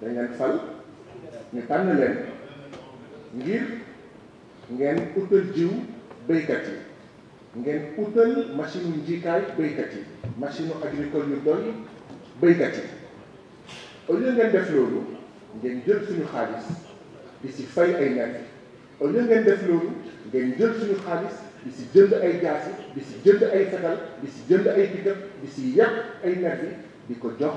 dañ leen fal ñu tànn leen ngir ngeen utal jiw béykat yi ngeen utal machine njiikaay béykat yi machine agricole yu doy béykat yi au lieu ngeen def loolu ngeen jël suñu xaalis di si fay ay nekk au lieu ngeen def loolu ngeen jël suñu xaalis di si jënd ay jaasi di si jënd ay fetal di si jënd ay pick-up di si yàq ay nerf yi di ko jox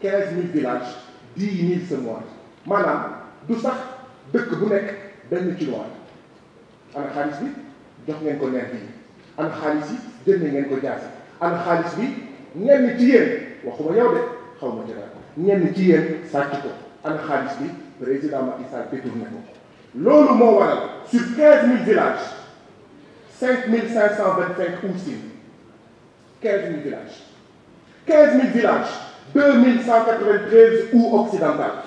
quinze mille villages dix mille semoirs maanaam du sax dëkk bu nekk benn cinuwaar ana xaalis bi jox ngeen ko nerf yi ana xaalis yi jënd ngeen ko jaasi ana xaalis bi ñenn ci yéen waxuma yow de xaw ma dara ñenn ci yéen sàcc ko ana xaalis bi président Macky Sall détourné ko moo waral sur quinze mille villages cinq mille cinq cent vingt cinq 2193 ou occidentales,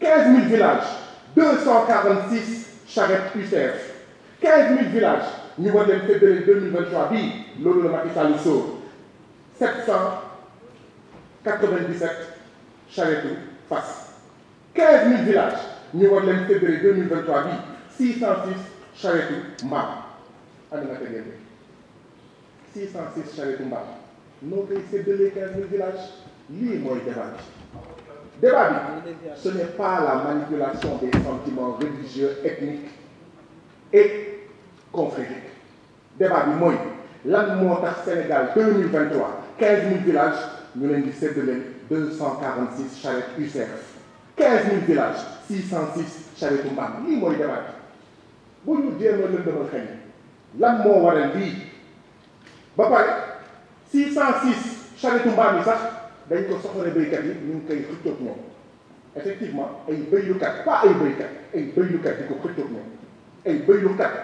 15 000 villages, 246 charrettes UCF, 15 000 villages, niveau de fait 2023, bi, l'eau de Makita 797 charrettes face. 15 000 villages, niveau de fait 2023, bi, 606 charrettes mâles. 606 charrettes Notez Notre pays, les 15 000 villages. Lui, ce n'est pas la manipulation des sentiments religieux ethniques et confrériques débat lan Sénégal 2023 15 000 villages nous leen di de 246 quarante UCF villages 606 cent six charrettes mbaam lii débat Vous nous dañ ko sortir ñu ngi effectivement ay béylukat pas ay ay ko ay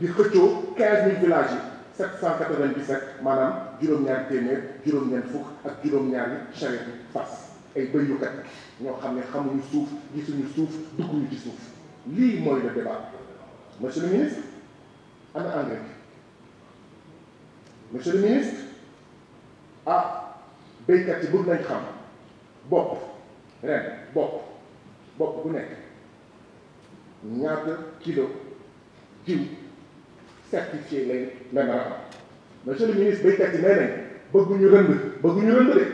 di xëccoo villages 797 maanaam juróom-ñaari téeméer juróom fukk ak juróom-ñaari fas ay béylukat ñoo xam xamuñu suuf suuf le débat monsieur le ministre ana engrais monsieur le ministre ah. béykat yi bëgg nañ xam bopp ren bopp bopp bu nekk ñaata kilo jiw certifié lañ leen a am monsieur le ministre béykat yi nee nañ bëgguñu rënd bëgguñu rënd de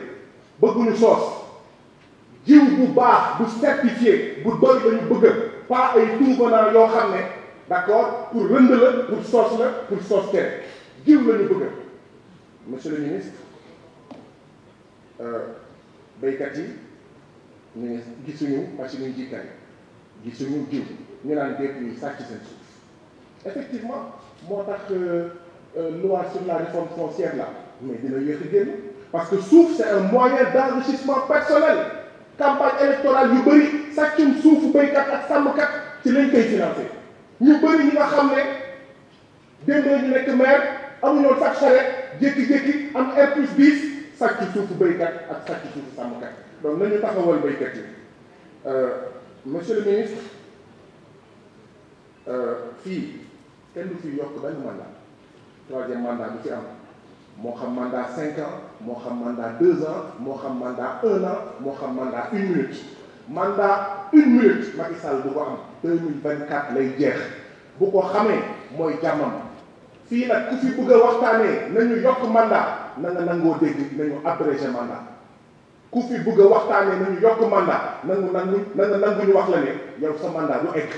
bëgguñu soos jiw bu baax bu certifié bu doy lañu ñu bëgg pas ay tunkanaa yoo xam ne d'accord pour rënd la pour soos la pour soos tere jiw la bëgg monsieur le ministre. Euh, yi mais gisuñu effectivement loi sur la réforme foncière là mais a parce que c'est un moyen d'enrichissement personnel campagne électorale yu bëri sàccum suufu ak sàmmkat ci lañ koy financé ñu bëri ñi nga ne démb plus sàcc suufu béykat ak sàcc suufu sàmmkat donc nañu taxawal béykat yi euh, monsieur le ministre euh, fii kenn du fi yokk benn mandat troisième mandat du fi am moo xam mandat cinq ans moo xam mandat deux ans moo xam mandat un an moo xam mandat une minute mandat une minute Macky Sall du ko am deux mille vingt quatre lay jeex bu ko xamee mooy jàmmam fii nag ku fi bëgg a waxtaanee nañu yokk mandat na nga nangoo dégg nañu abrégé mandat ku fi bëgg a waxtaanee nañu yokk mandat nangu nangu na nga nanguñu wax la ne yow sa mandat du egg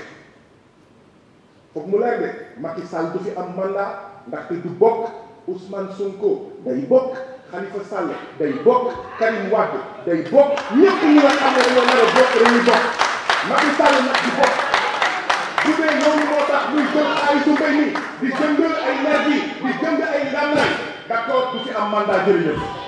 foog mu leer de Macky Sall du fi am mandat ndaxte du bokk Ousmane Sonko day bokk Khalifa Sall day bokk Karim Wade day bokk ñëpp ñi nga xam ne dañoo nar a bokk dañuy bokk Macky Sall Bamba jërëjëf